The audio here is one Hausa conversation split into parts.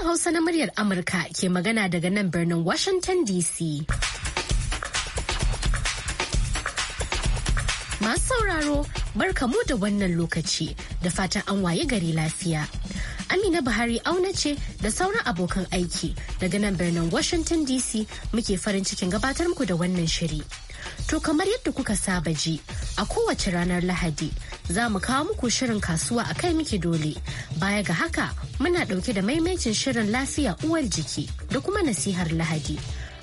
Sashen Hausa na muryar Amurka ke magana daga nan birnin Washington DC. Masu sauraro barka mu da wannan lokaci da fatan an waye gari lafiya. Amina Buhari auna ce da sauran abokan aiki daga nan birnin Washington DC muke farin cikin gabatar muku da wannan shiri. To kamar yadda kuka saba ji a kowace ranar Lahadi. za mu kawo muku shirin kasuwa a kai muke dole. Baya ga haka muna ɗauke da maimacin shirin lafiya uwar jiki da kuma nasihar Lahadi.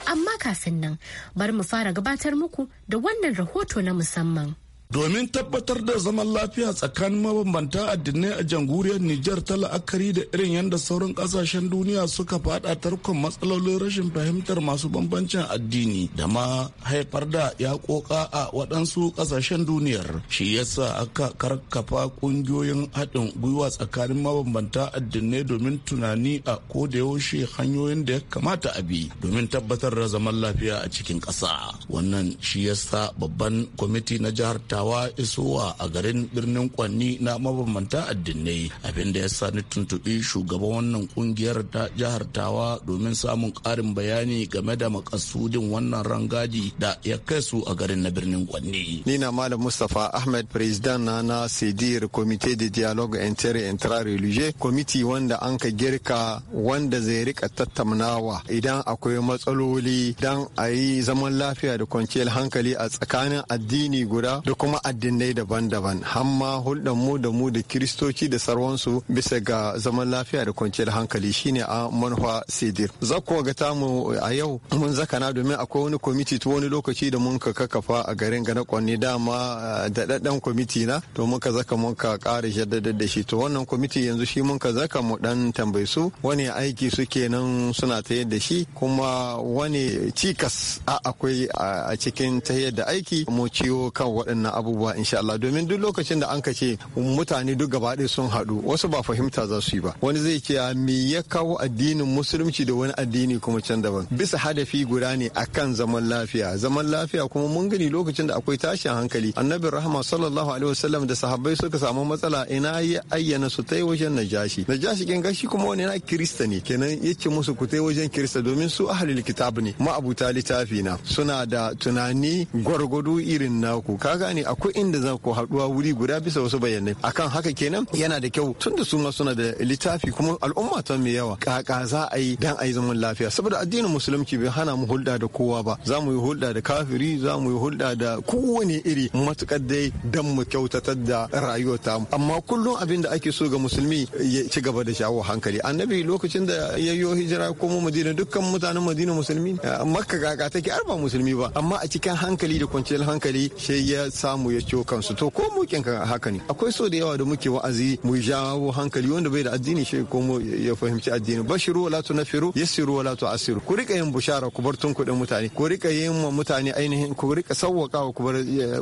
Amma kafin nan bari mu fara gabatar muku da wannan rahoto na musamman. domin tabbatar da zaman lafiya tsakanin mabambanta addinai a jamhuriyar Nijar ta la'akari da irin yadda sauran kasashen duniya suka fada tarkon matsalolin rashin fahimtar masu bambancin addini da ma haifar da ya koka a waɗansu kasashen duniyar shi yasa aka karkafa ƙungiyoyin haɗin gwiwa tsakanin mabambanta addinai domin tunani a yaushe hanyoyin da ya kamata a bi domin tabbatar da zaman lafiya a cikin ƙasa wannan shi yasa babban kwamiti na jihar ta dattawa isowa a garin birnin kwanni na mabambanta addinai abin da ya sa ni tuntuɓi shugaban wannan kungiyar ta jihar tawa domin samun karin bayani game da makasudin wannan rangadi da ya kai su a garin na birnin kwanni. ni na malam mustapha ahmed president na na sidir comité de dialogue inter intra religieux committee wanda an ka girka wanda zai rika tattaunawa idan akwai matsaloli dan a yi zaman lafiya da kwanciyar hankali a tsakanin addini guda da kuma addinai daban-daban hamma hulɗar mu da mu da kiristoci da sarwansu bisa ga zaman lafiya da kwanciyar hankali shine a manufa sidir za ku ga tamu a yau mun zakana domin akwai wani kwamiti ta wani lokaci da mun ka kakafa a garin gana kwanne dama eh, daɗaɗɗen kwamiti na to mun ka zaka mun ka ƙara jaddada da shi to wannan kwamiti yanzu shi mun ka zaka mu dan tambayi su wani aiki suke nan suna ta yadda shi kuma wani cikas a akwai a cikin ta yadda aiki mu ciwo kan waɗannan abubuwa insha Allah domin duk lokacin da an ka ce mutane duk gaba ɗaya sun haɗu wasu ba fahimta za su yi ba wani zai ce me ya kawo addinin musulunci da wani addini kuma can daban bisa hadafi guda ne akan zaman lafiya zaman lafiya kuma mun gani lokacin da akwai tashin hankali Annabi rahama sallallahu alaihi wasallam da sahabbai suka samu matsala ina ya ayyana su tai wajen najashi najashi kin gashi kuma wani na kirista ne kenan yace musu ku tai wajen kirista domin su ahlul kitab ne ma'abuta littafi na suna da tunani gwargwado irin naku ka gane akwai inda za ku haɗuwa wuri guda bisa wasu bayanai akan haka kenan yana da kyau tunda su ma suna da littafi kuma al'umma ta mai yawa kaka za a yi dan a yi zaman lafiya saboda addinin musulunci bai hana mu hulɗa da kowa ba za mu yi hulɗa da kafiri za mu yi hulɗa da kowane iri Matuƙar dai dan mu kyautatar da rayuwar ta amma kullum abin da ake so ga musulmi ya ci gaba da shawo hankali annabi lokacin da ya yi hijira kuma madina dukkan mutanen madina musulmi makka kaka take arba musulmi ba amma a cikin hankali da kwanciyar hankali sai ya sa. samu ya ciwo kansu to ko mu haka ne akwai so da yawa da muke wa'azi mu jawo hankali wanda bai da addini shi ko mu ya fahimci addini bashiru wala tunafiru yassiru wala asiru ku rika yin bushara ku bar tunkuɗin mutane ku rika yin wa mutane ainihin ku rika sawwakawa ku bar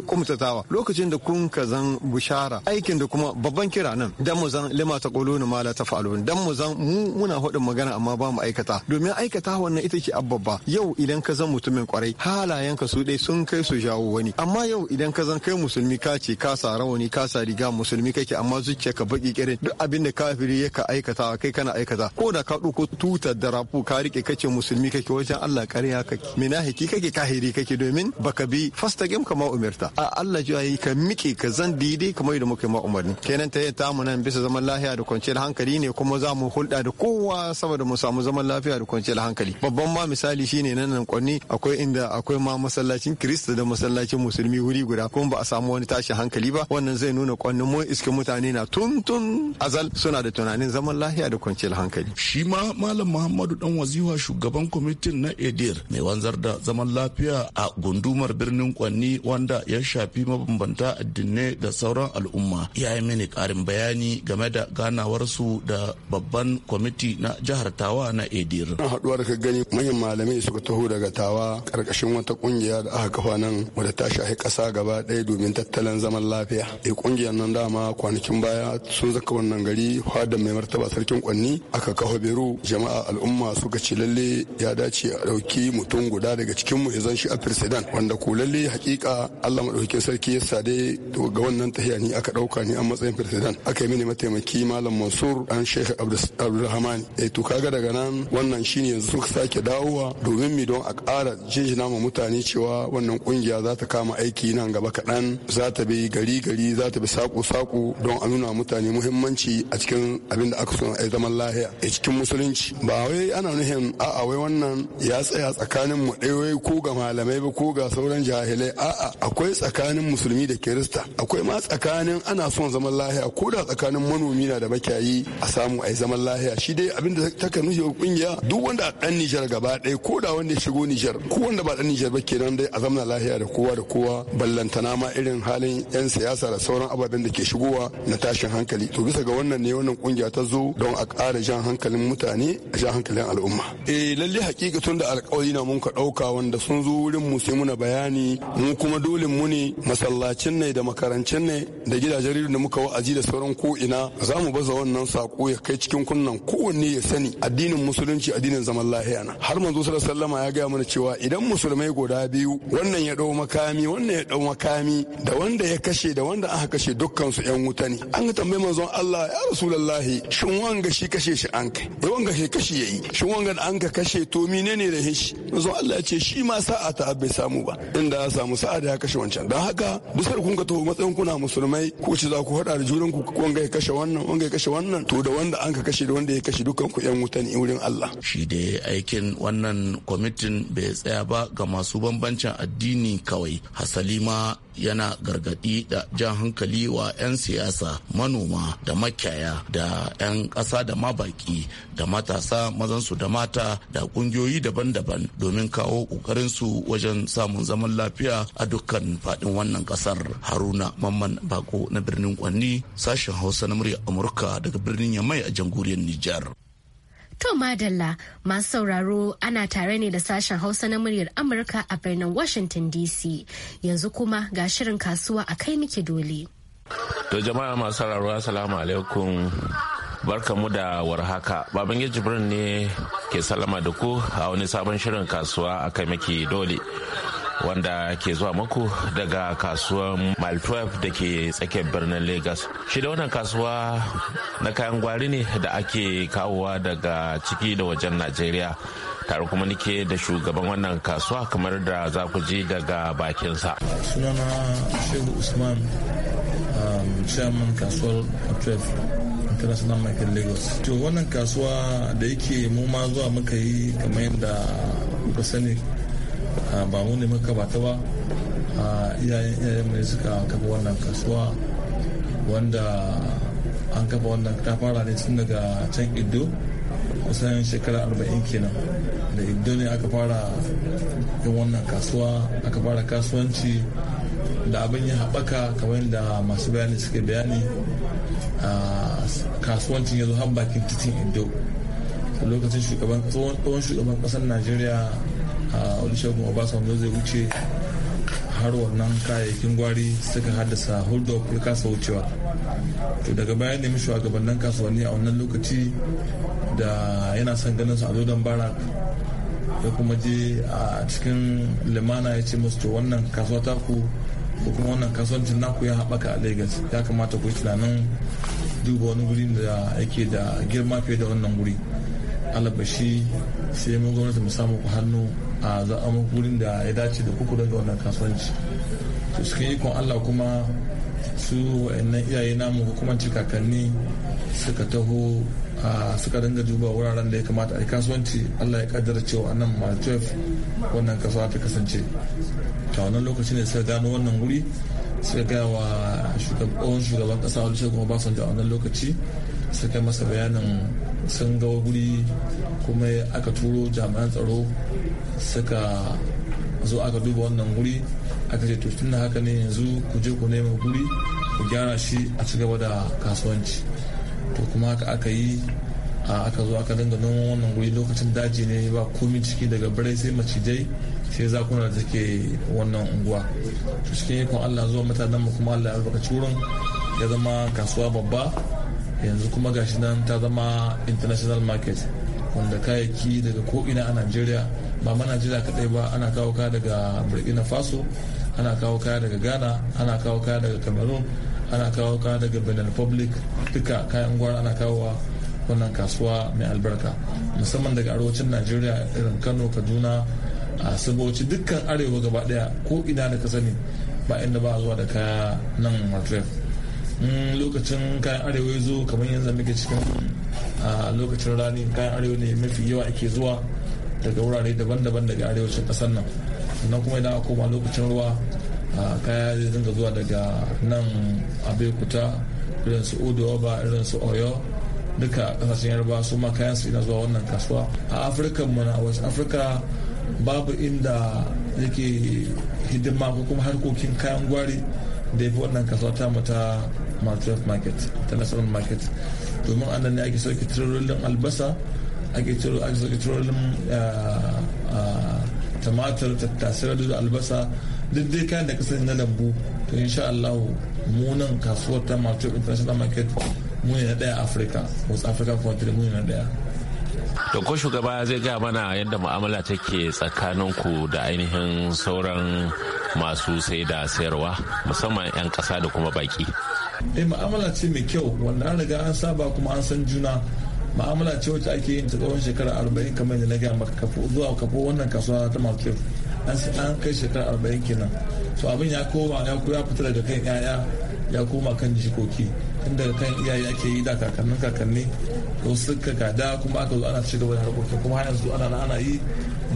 kumtatawa lokacin da kun ka zan bushara aikin da kuma babban kira nan dan mu zan lima ta quluna ma la taf'alun dan mu zan mu muna hudin magana amma ba mu aikata domin aikata wannan ita ce abbabba yau idan ka zan mutumin kwarai halayen ka su dai sun kai su jawo wani amma yau idan ka zan kai musulmi ka ce ka sa rawani ka sa riga musulmi kake amma zuciya ka baki kirin duk abin da kafiri ya ka aikata kai kana aikata ko da ka ɗauko tutar da rafu ka rike kace musulmi kake wajen Allah ƙarya kake minahiki kake kahiri kake domin baka bi fastaqim kama umirta a Allah ji ayi ka miƙe ka zan daidai kamar yadda muke ma umarni kenan ta ta mu nan bisa zaman lafiya da kwanciyar hankali ne kuma za mu hulɗa da kowa saboda mu samu zaman lafiya da kwanciyar hankali babban ma misali shine nan nan kwanni akwai inda akwai ma masallacin kirista da masallacin musulmi wuri guda kuma ba a samu wani tashin hankali ba wannan zai nuna kwannin mun iske mutane na tun tun azal suna da tunanin zaman lahiya da kwanciyar hankali shi ma malam muhammadu dan waziwa shugaban kwamitin na edir mai wanzar da zaman lafiya a gundumar birnin kwanni wanda ya shafi mabambanta addinai da sauran al'umma ya yi mini karin bayani game da ganawarsu da babban kwamiti na jihar tawa na edir na haduwar ka gani manyan malamai suka taho daga tawa karkashin wata kungiya da aka kafa nan wadda ta shahi kasa gaba daya. domin tattalin zaman lafiya e kungiyar nan dama kwanakin baya sun zaka wannan gari fadar mai martaba sarkin kwanni aka kafa beru jama'a al'umma suka ce lalle ya dace a dauki mutum guda daga cikin mu zan shi a firsidan wanda ko lalle hakika Allah madaukakin sarki ya sade ga wannan tahiya ni aka ɗauka ni a matsayin firsidan aka yi mini mataimaki malam Mansur an Sheikh Abdulrahman e to kaga daga nan wannan shine yanzu suka sake dawowa domin mi don a kara jinjina ma mutane cewa wannan kungiya za ta kama aiki nan gaba ka kaɗan za ta bi gari gari za ta bi saƙo-saƙo don a nuna mutane muhimmanci a cikin abin da aka so a zaman lahiya a cikin musulunci ba wai ana nuhin a'a wai wannan ya tsaya tsakanin mu ɗaya ko ga malamai ba ko ga sauran jahilai a'a akwai tsakanin musulmi da kirista akwai ma tsakanin ana son zaman lahiya ko da tsakanin manomi na da makiyayi a samu a zaman lahiya shi dai abin da ta kan nufi kungiya duk wanda a ɗan Nijar gaba ɗaya ko da wanda ya shigo Nijar ko wanda ba ɗan Nijar ba kenan dai a zamana lahiya da kowa da kowa ballantana dama irin halin 'yan siyasa da sauran ababen da ke shigowa na tashin hankali to bisa ga wannan ne wannan kungiya ta zo don a ƙara jan hankalin mutane a jan hankalin al'umma eh lalle hakika tun da alƙawari na mun ka ɗauka wanda sun zo wurin mu sai muna bayani mu kuma dole mu ne masallacin ne da makarancin ne da gidajen rediyo da muka wa'azi da sauran ko ina za mu baza wannan sako ya kai cikin kunnan kowanne ya sani addinin musulunci addinin zaman lahiya na har manzo sallallahu alaihi ya gaya mana cewa idan musulmai guda biyu wannan ya dau makami wannan ya dau makami makami da wanda ya kashe da wanda aka kashe dukkan su yan wuta ne an tambayi manzon Allah ya rasulullahi shin wanga shi kashe shi an kai da wanga shi kashe yayi shin wanga da an ka kashe to menene da shi manzon Allah ya ce shi ma sa'a ta bai samu ba inda ya samu sa'a da ya kashe wancan dan haka dusar kun ka to matsayin kuna musulmai ko ci za ku hada da juran ku wanga ya kashe wannan wanga ya kashe wannan to da wanda an ka kashe da wanda ya kashe dukkan ku yan wuta ne wurin Allah shi dai aikin wannan kwamitin bai tsaya ba ga masu bambancin addini kawai hasali ma yana gargadi da jan hankali wa 'yan siyasa manoma da makiyaya da 'yan ƙasa da ma da matasa mazansu da mata da ƙungiyoyi daban-daban domin kawo ƙoƙarinsu wajen samun zaman lafiya a dukkan faɗin wannan ƙasar haruna mamman bako na birnin kwanni sashen hausa na murya amurka daga birnin yamai a jamhuriyar nijar To Madalla masu sauraro ana tare ne da sashen Hausa na muryar Amurka a birnin Washington DC. Yanzu kuma ga shirin kasuwa a kai miki dole. To jama'a masu sauraro Assalamu alaikum. Barkamu da warhaka. Baban Jibrin ne ke salama da ku a wani sabon shirin kasuwa a kai miki dole. wanda ke zuwa muku daga kasuwar mile 12 da ke tsakiyar birnin lagos shi da wannan kasuwa na kayan gwari ne da ake kawowa daga ciki da wajen najeriya tare kuma nike da shugaban wannan kasuwa kamar da za ku ji daga bakinsa sunana shehu usman um, chairman kasuwar 12 international market lagos to wannan kasuwa da yake mu ma zuwa muka yi kamar yadda kuka sani Ah, ba mu ne muka bata ba ah, iyayen iyayen mai suka kafa wannan kasuwa wanda an kafa wannan ta fara ne tun daga can iddo kusan shekara arba'in kenan da iddo ne aka fara yin wannan kasuwa aka fara kasuwanci da abin ya haɓaka kamar da masu bayani suke bayani ah, kasuwancin ya zo har bakin titin ido lokacin shugaban tsohon shugaban ƙasar najeriya a olusegun obasanjo zai wuce har wannan kayayyakin gwari suka haddasa hulɗar ya kasa wucewa to daga baya nemi shugabannin kasuwanni a wannan lokaci da yana son ganin su a dodon barak ya kuma je a cikin limana ya ce masu to wannan kasuwa ta ku ko kuma wannan kasuwancin naku ya haɓaka a lagos ya kamata ku yi tunanin duba wani guri da yake da girma fiye da wannan guri alabashi sai mun gwamnati mu samu ku hannu a za wurin da ya dace da kuku daga wannan kasuwanci to yi ikon allah kuma su wa'annan iyaye namu hukumanci kakanni suka taho suka dinga duba wuraren da ya kamata a yi kasuwanci allah ya kaddara cewa nan ma 12 wannan kasuwa ta kasance ta wannan lokaci ne suka gano wannan wuri suka gaya wa shugaban kasa olusegun obasanjo a wannan lokaci suka masa bayanin sun ga guri kuma aka turo jami'an tsaro suka zo aka duba wannan guri aka ce tun da haka ne yanzu ku je ku nema guri ku gyara shi a ci gaba da kasuwanci to kuma haka aka yi aka zo aka dinga noman wannan guri lokacin daji ne ba komi ciki daga birai sai macijai sai zakuna da take wannan unguwa to cikin ikon allah zuwa mutanen mu kuma allah ya albarkaci wurin ya zama kasuwa babba yanzu kuma gashi nan ta zama international market wanda kayayyaki daga ko'ina a najeriya ba ma najeriya kadai ba ana kawo kaya daga burkina faso ana kawo kaya daga ghana ana kawo kaya daga cameroon ana kawo kaya daga benin republic duka kayan gwara ana kawowa wannan kasuwa mai albarka musamman daga arewacin najeriya irin kano kaduna a sabuwaci dukkan arewa gaba daya ko ina da ka sani ba inda ba zuwa da kaya nan martreff Mm, lokacin kayan arewa ya zo kamar yanzu muke cikin lokacin rani kayan arewa ne mafi yawa ake zuwa daga wurare daban-daban daga arewacin kasar nan sannan kuma idan aka koma lokacin ruwa kaya zai dinga zuwa daga nan abekuta irin su odoba irin su oyo duka kasashen yarba su ma kayan su ina zuwa wannan kasuwa a afirka mu na wasu afirka babu inda yake hidima ko kuma harkokin kayan gwari da ya fi wannan kasuwa ta mata market market international market domin anan ne ake sauke tirolin albasa ake sauke tirolin tumatir tattasai da albasa duk dai kayan da kasar na lambu to insha Allah munan kasuwar ta market international market muni na daya afirka wasu african country muni na daya to ko shugaba zai ga mana yadda mu'amala take tsakaninku da ainihin sauran masu sai da sayarwa musamman 'yan kasa da kuma baki eh ma'amala ce mai kyau wanda an riga an saba kuma an san juna ma'amala ce wacce ake yin ta tsawon shekara arba'in kamar da na gaya maka kafo zuwa kafo wannan kasuwa ta market an kai shekara arba'in kenan to abin ya koma ya fita daga kan 'ya'ya ya koma kan jikoki tun daga kan iyaye ake yi da kakannin kakanni to suka gada kuma aka zo ana ci gaba da harkokin kuma har yanzu ana ana yi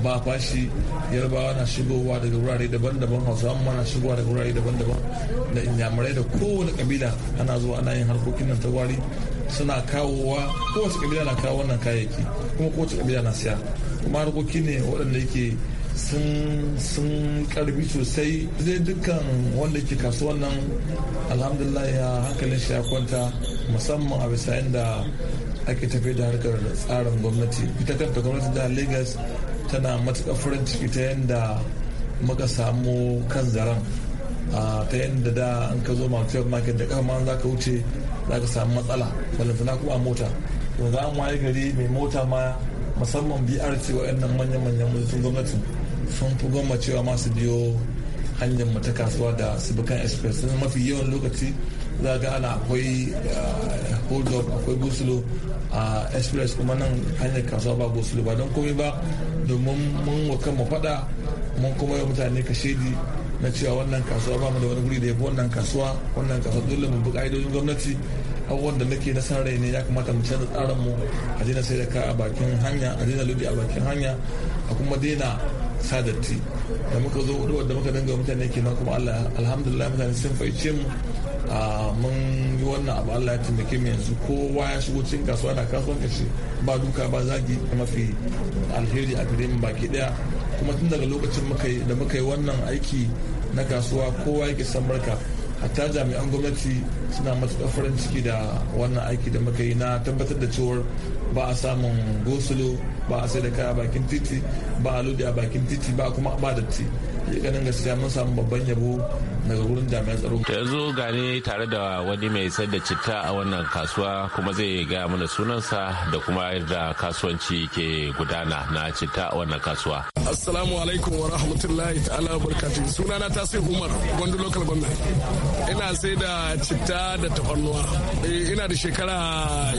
ba fashi yarbawa na shigowa daga wurare daban-daban hausawa ma na shigowa daga wurare daban-daban da inyamurai da kowane kabila ana zuwa ana yin harkokin nan ta wari suna kawowa kowace kabila na kawo wannan kayayyaki kuma kowace kabila na siya kuma harkoki ne waɗanda yake sun karbi sosai zai dukkan wanda ke kasuwan nan alhamdulillah ya hankalin shi ya kwanta musamman a bisa yadda ake tafi da harkar tsarin gwamnati ita kanta gwamnati da lagos tana matuka farin ciki ta yadda muka samu kan zaren ta yadda da an ka zo market market da kama za ka wuce za ka samu matsala balantana kuma mota yanzu an waye gari mai mota ma musamman brt waɗannan manyan manyan mutum gwamnatin sun fi goma cewa masu biyo hanyar mu ta kasuwa da sibikan express sun mafi yawan lokaci za ga ana akwai eh, hold up akwai gosulo a express kuma nan hanyar kasuwa ba gosulo ba don komai ba domin mun wa mu fada mun kuma yi mutane ka shaidi na cewa wannan kasuwa ba mu da wani guri da ya fi wannan kasuwa wannan kasuwa dole mu bi ka'idojin gwamnati abubuwan da nake na san rai ne ya kamata mu canza tsarin mu a daina sai da ka a bakin hanya a daina ludi a bakin hanya a kuma daina sadatti da muka zo hudu da muka dinga mutane kenan kuma Allah alhamdulillah mutane sun faice mu mun yi wannan abu Allah ya taimake mu yanzu kowa ya shigo cikin kasuwa da kasuwanci kashi ba duka ba zagi mafi alheri a gare mu baki daya kuma tun daga lokacin da muka yi wannan aiki na kasuwa kowa yake san barka hatta jami'an gwamnati suna matuƙar farin ciki da wannan aiki da muka yi na tabbatar da cewar ba a samun gosulo ba a sai da kaya bakin titi ba a a bakin titi ba kuma ba datti ganin gaskiya mun samu babban yabo daga wurin jami'an tsaro yanzu gane tare da wani mai sayar da citta a wannan kasuwa kuma zai gaya mana sunansa da kuma yadda kasuwanci ke gudana na citta a wannan kasuwa assalamu alaikum wa rahmatullahi ta'ala wa barakatuh sunana sai umar gwandu local government ina sai da citta da tafarnuwa eh, ina da shekara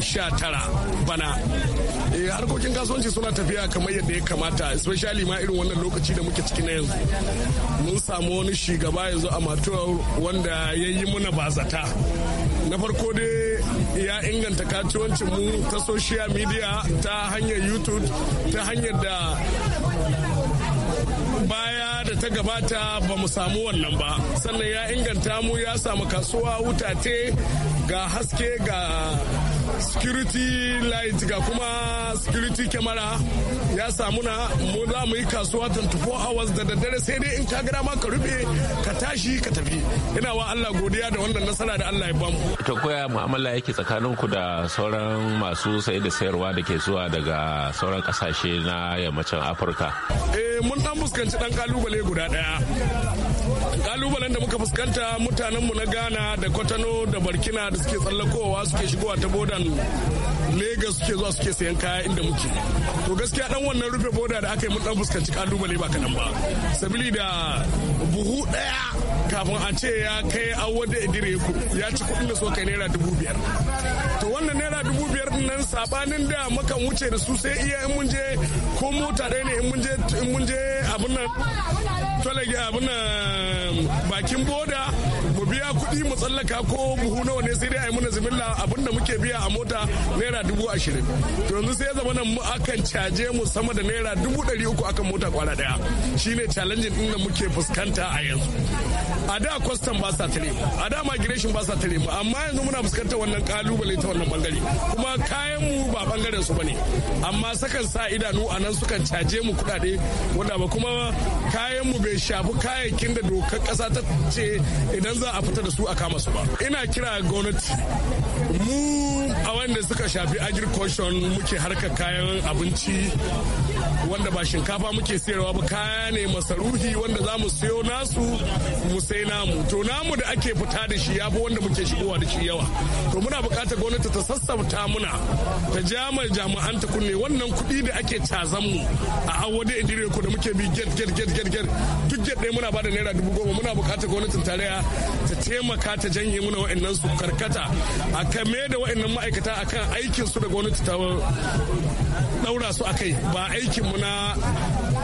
sha tara bana eh, harkokin kasuwanci suna tafiya kamar yadda ya kamata especially ma irin wannan lokaci da muke ciki na yanzu mun samu wani shugaba yanzu a matuwar wanda ya yi muna bazata na farko dai ya inganta kaciwancin mu ta social media ta hanyar youtube ta hanyar da baya da ta gabata ba mu samu wannan ba sannan ya inganta mu ya samu kasuwa wutate ga haske ga security light ga kuma security camera ya samu na mu za mu yi kasuwa 24 hours da daddare sai dai in ka gada ma ka rufe ka tashi ka tafi ina wa Allah godiya da wannan nasara da Allah ya bamu to koya mu'amala yake tsakanin ku da sauran masu saye da sayarwa da ke zuwa daga sauran kasashe na yammacin Afirka eh mun dan fuskanci dan kalubale guda daya kalubalen da muka fuskanta mutanenmu na ghana da kwatano da barkina da suke tsallakowa suke shigowa ta bodan Legas suke zuwa suke sayan kaya inda muke. To gaskiya dan wannan rufe boda da aka yi mun dan fuskanci kalubale ba kanan ba. Sabili da buhu daya kafin a ce ya kai da idire ku ya ci kuɗin da so kai naira dubu biyar. To wannan naira dubu biyar nan sabanin da muka wuce da su sai iya in mun je ko mota ɗaya ne in mun je abin nan talaga abin bakin boda mu biya kuɗi mu tsallaka ko buhu nawa ne sai dai a yi mana zibilla abin da muke biya a mota naira dubu ashirin to yanzu sai ya zama nan mu akan caje mu sama da naira dubu ɗari uku akan mota kwana ɗaya shine challenging ɗin da muke fuskanta a yanzu a da kwastam ba sa tare mu a da migration ba sa tare mu amma yanzu muna fuskantar wannan kalubale ta wannan bangare kuma kayan mu ba bangaren su bane amma sakan sa idanu a nan sukan caje mu kuɗaɗe wanda ba kuma kayan mu bai shafi kayayyakin da dokar ƙasa ta ce idan za a fita da su a kama su ba ina kira gwamnati mu a wanda suka shafi agriculture muke harka kayan abinci wanda ba shinkafa muke sayarwa ba kaya ne masaruhi wanda za mu sayo nasu mu sai namu to namu da ake fita da shi ya wanda muke shigowa da shi yawa to muna buƙatar gwamnati ta sassauta muna ta jama jami'an ta kunne wannan kuɗi da ake cazan mu a awode idire ko da muke bi get get get get get duk get muna ba da naira dubu goma muna buƙatar gwamnatin tarayya ta taimaka ta janye muna wa'annan su karkata a kame da wa'annan ma'aikata ma'aikata a aikin su da gwamnati ta daura su a kai ba aikin na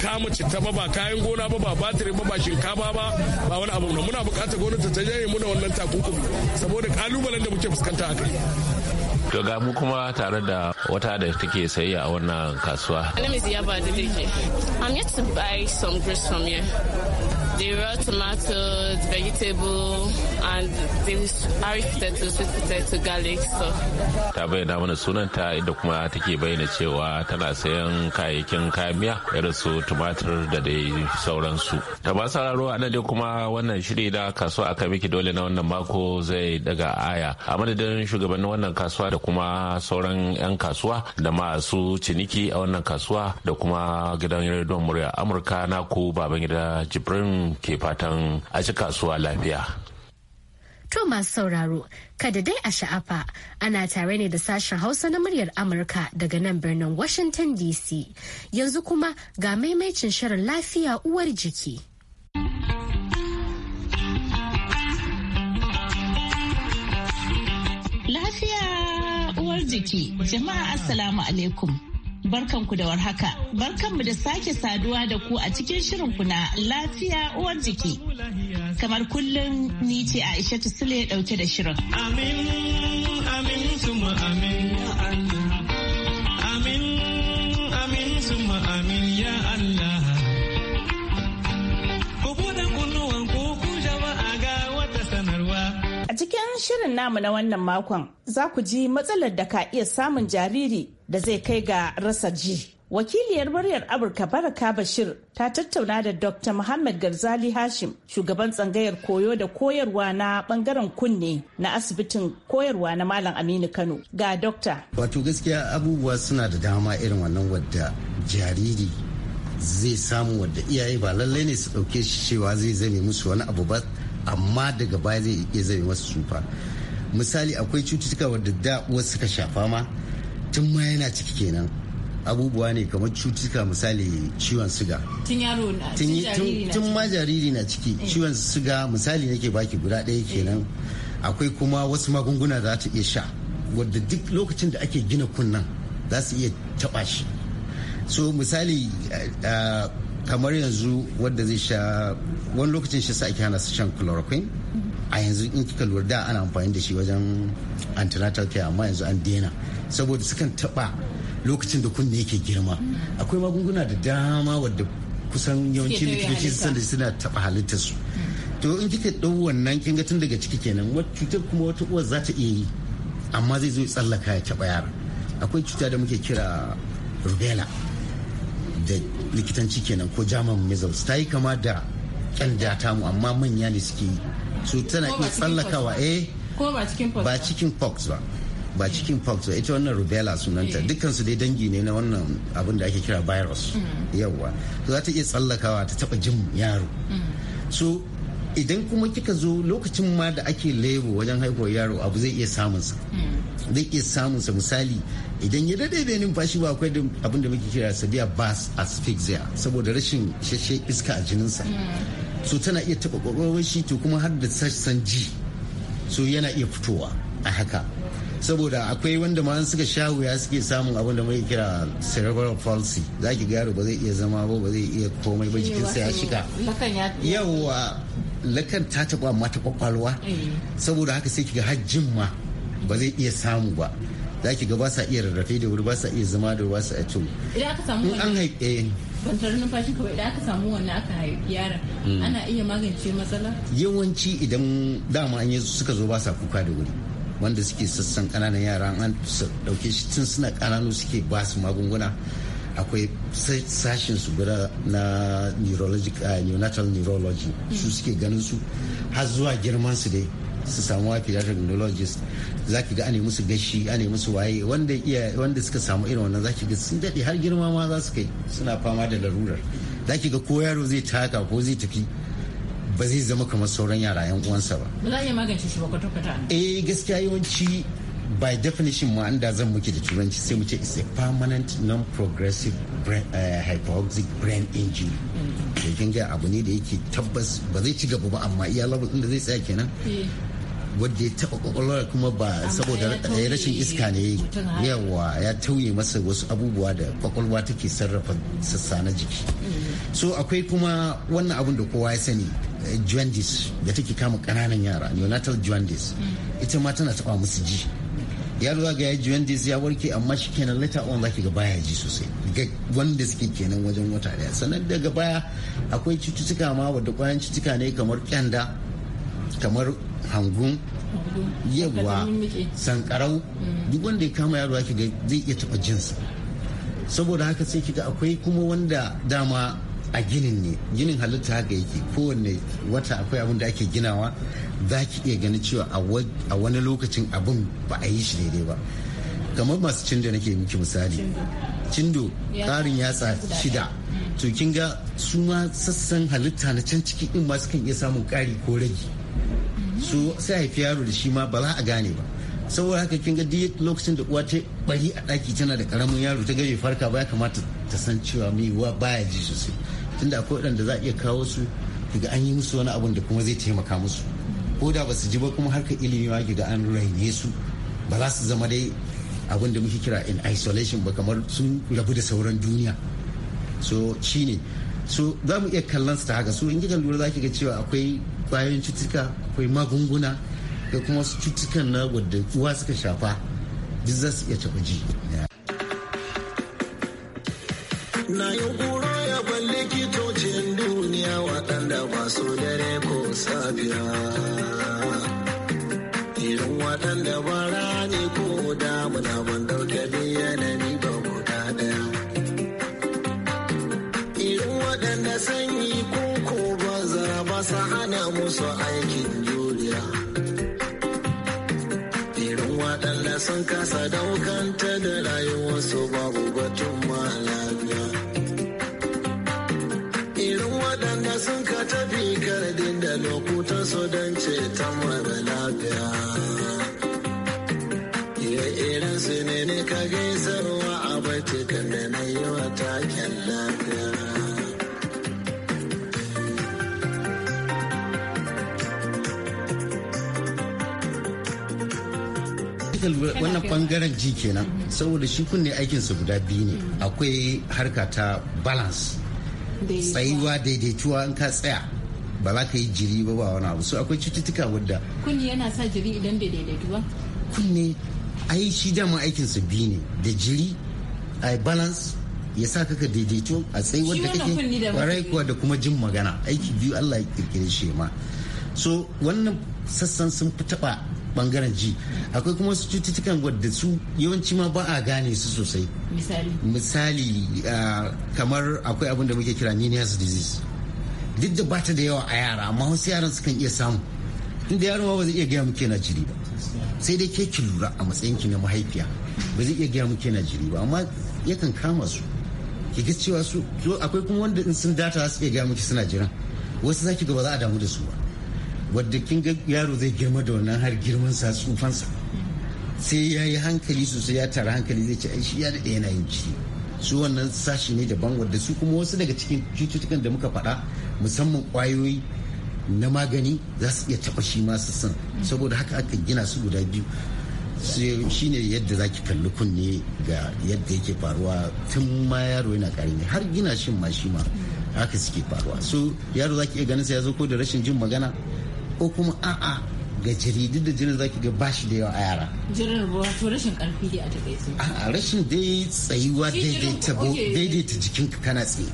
kama citta ba ba kayan gona ba ba batiri ba ba shinkafa ba ba wani abu muna bukatar gwamnati ta yaye mu wannan takunkumi saboda kalubalen da muke fuskanta kai. to ga mu kuma tare da wata da take sayayya a wannan kasuwa. name is Yaba Adeleke. I'm yet to buy some goods from here. the raw tomatoes, vegetable, and the Irish potato, sweet potato, garlic stuff. Ta bayyana mana sunanta inda kuma take bayyana cewa tana sayan kayayyakin kayan miya irin su tumatir da dai sauransu. Ta ba sauraro a nan kuma wannan shiri da kasuwa aka miki dole na wannan mako zai daga aya. A madadin shugabannin wannan kasuwa da kuma sauran 'yan kasuwa da masu ciniki a wannan kasuwa da kuma gidan rediyon murya Amurka na ku baban Jibrin ke fatan a ci kasuwa lafiya. To masu sauraro, kada dai a sha'afa ana tare ne da sashen Hausa na muryar Amurka daga nan birnin Washington DC. Yanzu kuma ga maimaicin shirin lafiya uwar jiki. Lafiya uwar jiki, jama'a Assalamu alaikum. Barkanku da warhaka. Barkanmu da sake saduwa da ku a cikin shirin na lafiya uwar jiki. Kamar kullum ni ce Aisha Sule dauke da shirin. Amin, amin, cikin shirin namu na wannan makon za ku ji matsalar da ka iya samun jariri da zai kai ga rasa ji. Wakiliyar muryar Amurka Baraka Bashir ta tattauna da Dr. Muhammad Garzali Hashim, shugaban tsangayar koyo da koyarwa na bangaren kunne na asibitin koyarwa na Malam Aminu Kano ga Dokta. Wato gaskiya abubuwa suna da dama irin wannan wadda jariri zai samu wadda iyaye ba lallai ne su ɗauke shi cewa zai zame musu wani abu ba amma daga baya zai iya zame masu tsufa. Misali akwai cututtuka wadda da wasu suka shafa ma tun ma yana ciki kenan abubuwa ne kamar cutuka misali ciwon suga tun yaro Tun ma jariri na ciki eh. ciwon suga misali nake baki guda ɗaya eh. kenan akwai kuma wasu magunguna za ta iya sha wadda duk lokacin da ake gina kunnan za su iya taɓa shi so misali eh, kamar yanzu wadda zai sha wani lokacin shi sa ake hana su shan chloroquine a yanzu in kika lura da ana amfani da shi wajen antenatal care amma yanzu an daina saboda sukan taba lokacin da kunne yake girma akwai magunguna da dama wadda kusan yawanci likitoci su da suna taba halittar su to in kika dau wannan kinga tun daga ciki kenan wata cutar kuma wata uwa za ta iya yi amma zai zo tsallaka ya taba yara akwai cuta da muke kira rubella da likitanci kenan ko german measles ta yi kama da kyanda ta mu amma manya ne suke yi su tana iya tsallakawa eh ba cikin pox ba ba cikin pox ba ita wannan rubella sunanta eh. dukkan su dai dangi ne na wannan abin da ake kira virus mm-hmm. yawwa za ta iya tsallakawa ta taba jin yaro mm-hmm. so idan kuma kika zo lokacin ma da ake lebo wajen haihuwar yaro abu zai iya samunsa mm. zai iya samunsa misali idan ya dade da numfashi ba akwai abin da muke kira sabiya bas asphyxia saboda rashin isasshen iska a jininsa hmm. so tana iya taba kwakwalwar shi to kuma har da sassan ji so yana iya fitowa a haka saboda akwai wanda ma suka sha wuya suke samun abin da muke kira cerebral palsy za ki gyara ba zai iya zama ba ba zai iya komai ba jikinsa ya shiga yawa lakan ta taba mata kwakwalwa eh. saboda haka sai kiga har jin ma ba zai iya samu ba da ki ga ba sa iya rarrafe da wuri ba sa iya zama da ba sa iya to idan aka samu an haife numfashi kawai idan aka samu wannan aka haifi yara hmm. ana iya magance matsala yawanci idan dama an yi suka zo ba sa kuka da wuri wanda suke sassan kananan yara an dauke shi tun suna kananu suke ba su magunguna akwai sashen su guda na neurological ah, neonatal neurology su hmm. suke ganin su har zuwa girman su dai su samu wa pediatric za ki ga ane musu gashi ane musu waye wanda iya wanda suka samu irin wannan za ki ga sun daɗe har girma ma za su kai suna fama da larurar za ki ga ko yaro zai taka ko zai tafi ba zai zama kamar sauran yara yan uwansa ba. Ba za a iya magance shi ba kwata-kwata. Eh gaskiya yawanci by definition ma an da zan muke da turanci sai mu ce is a permanent non-progressive eh, hypoxic brain injury da mm. kin abu ne da yake tabbas ba zai ci gaba ba amma iya level da zai tsaya kenan eh. wadda ya taba kwakwalwar kuma ba saboda eh, rashin iska ne yawa ya tauye masa wasu abubuwa da kwakwalwa take sarrafa sassa na jiki mm-hmm. so akwai kuma wannan abin da kowa ya sani eh, jaundice da take kama kananan yara neonatal jaundice mm-hmm. ita ma tana taba musu ji Ya ruwa ga ya jaundice ya warke amma shi kenan later on zaki ga baya ji sosai ga wanda suke kenan wajen wata daya sannan daga baya akwai cututtuka ma wadda kwayan cututtuka ne kamar kyanda kamar hangun yawa sankarau mm. duk wanda ya kama yaro ake zai iya taba jinsa saboda haka sai kiga akwai kuma wanda dama a ginin ne ginin halitta haka yake kowanne wata akwai abin da ake ginawa za ki iya ganin cewa a wani lokacin abin ba a yi shi daidai ba kamar masu cindo nake miki misali cindo ƙarin yatsa shida mm. to kin ga su ma sassan halitta na can ciki in masu kan iya samun kari ko rage su sai a haifi yaro da shi ma ba za a gane ba saboda haka kin ga duk lokacin da uwa ta bari a daki tana da karamin yaro ta gaje farka ba ya kamata ta san cewa mai uwa baya ji sosai tunda akwai waɗanda za a iya kawo su daga an yi musu wani abun da kuma zai taimaka musu ko da ba su ji ba kuma harkar ilimi ma ga an raine su ba za su zama dai abin da muke kira in isolation ba kamar sun rabu da sauran duniya so shine so za mu iya kallon su ta haka so in kika lura za ki ga cewa akwai kwayoyin cutuka akwai magunguna da kuma wasu cutukan na wadda uwa suka shafa duk za su iya taɓa ji. Na yi kura ya ban likitocin duniya waɗanda su dare ko safiya. Irin waɗanda bara waɗanda sun kasa daukanta da rayuwarsu babu batun malaga irin waɗanda sun ka tafi kardin da lokutan su don ceton mara lafiya irin su ne ne ka gaisarwa a bace kan da na yi wa taken lafiya kika lura wannan bangaren ji kenan mm-hmm. saboda shi kunne aikinsa guda biyu ne mm-hmm. akwai harka ta balance tsayuwa daidaituwa in ka tsaya ba za ka yi jiri ba ba wani abu so akwai cututtuka wadda kunne yana sa jiri idan bai daidaitu ba kunne ai shi dama aikinsa biyu ne da jiri a balance ya sa kaka daidaito a tsayuwar da kake warai kuwa da kuma jin magana aiki biyu Allah ya kirkire shi ma so wannan sassan sun fi taba bangaren ji akwai kuma su cututtukan wadda su yawanci ma ba a gane su sosai misali kamar akwai abin da muke kira Ninias disease duk da bata da yawa a yara amma wasu yaran sukan iya samu inda yaro ba zai iya gaya muke na jiri ba sai dai ke ki lura a matsayin ki na mahaifiya ba zai iya gaya muke na jiri ba amma yakan kama su ki ga cewa su akwai kuma wanda in sun data za su iya gaya muke suna jiran wasu zaki ga ba za a damu da su ba wadda kin ga yaro zai girma da wannan har girman sa tsufansa sai ya yi hankali sosai ya tara hankali zai ce shi ya daɗe yana yin ciki su wannan sashi ne daban wadda su kuma wasu daga cikin cututtukan da muka faɗa musamman ƙwayoyi na magani za su iya taɓa shi masu san saboda haka aka gina su guda biyu shi ne yadda za ki kalli kunne ga yadda yake faruwa tun ma yaro yana ƙarami har gina shin ma shi ma haka suke faruwa so yaro za ki iya ganin sa ya zo ko da rashin jin magana ko kuma a'a ga jaridu da jirin zaki ga bashi da yawa a yara. Jirin to rashin karfi ne a takaice. A rashin dai tsayuwa daidaita ka kana tsaye.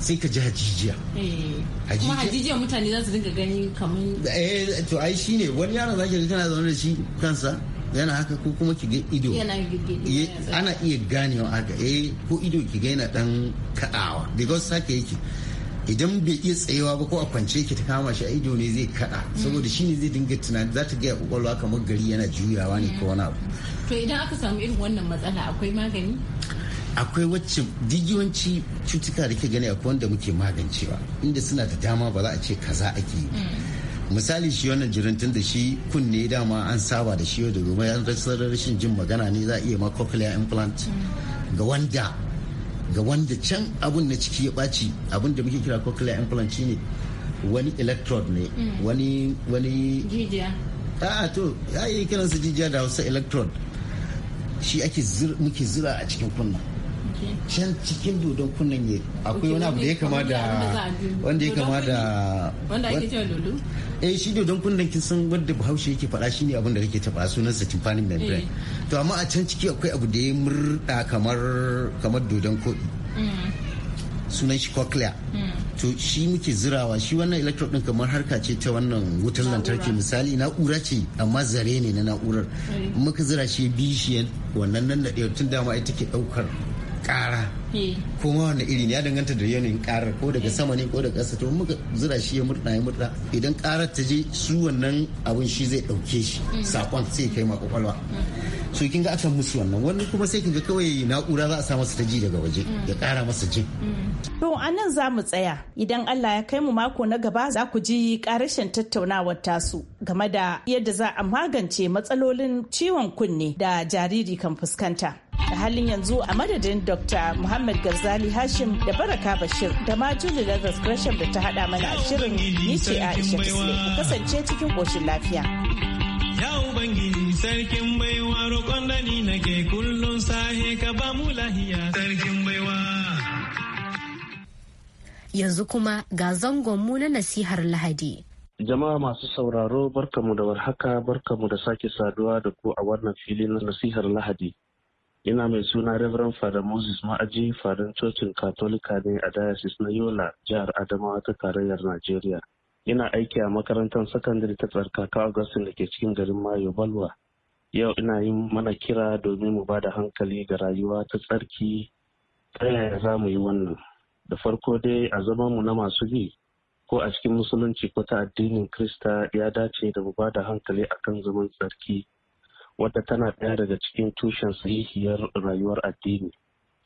sai ka ji hajijiya. Eh, kuma hajijiya mutane za su dinga gani kamar. Eh to ai shine wani yaro za ki ga kana zaune da shi kansa yana haka ko kuma ki ga ido. Ana iya ganewa haka eh ko ido ki ga yana dan kaɗawa because sake yake. idan bai iya tsayewa ba ko a kwance ki ta kama shi a ido ne zai kada saboda shine zai dinga tunani za ta gaya kwakwalwa kamar gari yana juyawa ne ko wani abu to idan aka samu irin wannan matsala akwai magani akwai wacce digiyanci cutuka da ke gani akwai wanda muke magancewa inda suna da dama ba za a ce kaza ake yi mm. misali shi wannan jirintun da shi kunne dama an saba da shi yau da gobe an rashin jin magana ne za a iya ma cochlear implant mm. ga wanda ga wanda can abun na ciki ya ɓaci abun da muke kira cochlear implant ne wani electrode ne mm. wani wani jijiya a'a to ya yi kiransa jijiya da hausa electrode shi ake muke zira a cikin kunna can cikin dodon kunnen ya akwai wani abu da ya kama da wanda ya kama da wanda ake cewa dodo eh shi dodon kunnen kin san wanda bahaushe yake faɗa shine abin da kake taba sunan sa tympanic membrane eh. to amma a can ciki akwai abu da ya murda kamar kamar dodon koɗi mm. sunan shi cochlea mm. to shi muke zirawa shi wannan electrode din kamar harka ce ta wannan wutar lantarki misali na'ura ce amma zare ne na na'urar eh. muka zira shi bishiyan wannan nan da tun dama ita ke ɗaukar ƙara kuma wanda iri ya danganta da yanayin karar ko daga sama ne ko daga ƙasa to muka zira shi ya murɗa ya murɗa idan karar ta je su wannan abin shi zai ɗauke shi mm. sakon sai kai ma kwakwalwa mm. so kin ga akan musu wannan wani kuma sai kin ga kawai na'ura za a sa masa ta ji daga waje mm. ya ƙara masa jin to a za mu tsaya idan Allah ya kai mu mako na gaba za ku ji ƙarashin tattaunawar tasu game da yadda za a magance matsalolin ciwon kunne da jariri kan fuskanta da halin yanzu a madadin Dr. Muhammad Garzali Hashim da Baraka Bashir da ma Julie Lazarus Gresham da ta hada mana shirin ni ce Aisha ku kasance cikin koshin lafiya. Ya Ubangiji sarkin baiwa roƙon nake kullum sahe ka ba lahiya sarkin baiwa. Yanzu kuma ga zangon mu na nasihar Lahadi. Jama'a masu sauraro barkamu da warhaka barkamu da sake saduwa da ku a wannan filin na nasihar Lahadi. Ina mai suna Reverend Father Moses Ma'aji Fadan Cocin Katolika ne a Diocese na Yola, Jihar Adamawa ta Tarayyar Najeriya. Ina aiki a makarantar sakandare ta tsarkaka Augustine da ke cikin garin Mayo Balwa. Yau ina yin mana kira domin mu ba da hankali ga rayuwa ta tsarki ta yaya za mu yi wannan. Da farko dai a zaman mu na masu bi ko a cikin musulunci ko ta addinin Krista ya dace da mu ba da hankali akan zaman tsarki wadda tana ɗaya daga cikin tushen sahihiyar rayuwar addini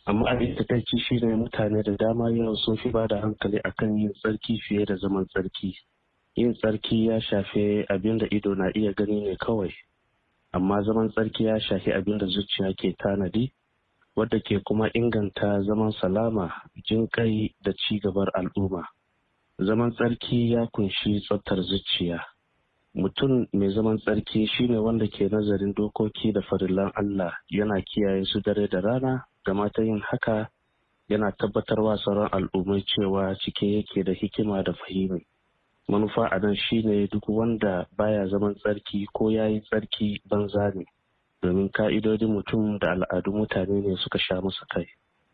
amma abin da kai shi ne mutane da dama yawan sun fi ba da hankali akan yin tsarki fiye da zaman tsarki yin tsarki ya shafe abin da ido na iya gani ne kawai amma zaman tsarki ya shafi abin da zuciya ke tanadi wadda ke kuma inganta zaman salama jin kai da ci gabar al'umma zaman tsarki ya kunshi tsaftar zuciya mutum mai zaman tsarki shine wanda ke nazarin dokoki da farillan Allah yana kiyaye su dare da rana da mata yin haka yana tabbatar tabbatarwa sauran al'ummai cewa cike yake da hikima da fahimi manufa a nan shine duk wanda baya zaman tsarki ko yayi tsarki banza ne domin ka'idodin mutum da al'adun mutane ne suka sha masa kai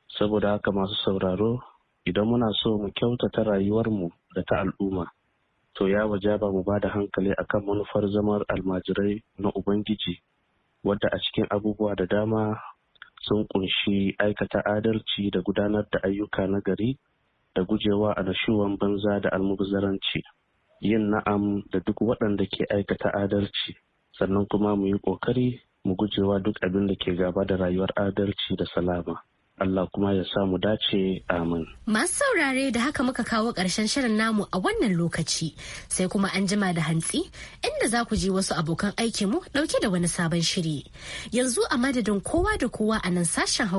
saboda haka masu sauraro idan muna so mu kyautata rayuwarmu da ta al'umma to ya wajaba mu ba da hankali akan manufar zamar almajirai na ubangiji wadda a cikin abubuwa da dama sun kunshi aikata adalci da gudanar da ayyuka na gari da gujewa a nashuwan banza da almubazaranci yin na'am da duk waɗanda ke aikata adalci sannan kuma mu yi ƙoƙari mu gujewa duk abin da ke gaba da rayuwar adalci da salama Allah kuma ya samu dace amin. Masu saurare da haka muka kawo ƙarshen shirin namu a wannan lokaci sai kuma an jima da hantsi inda za ku ji wasu abokan aikinmu ɗauke da wani sabon shiri. Yanzu a madadin kowa da kowa a nan sashen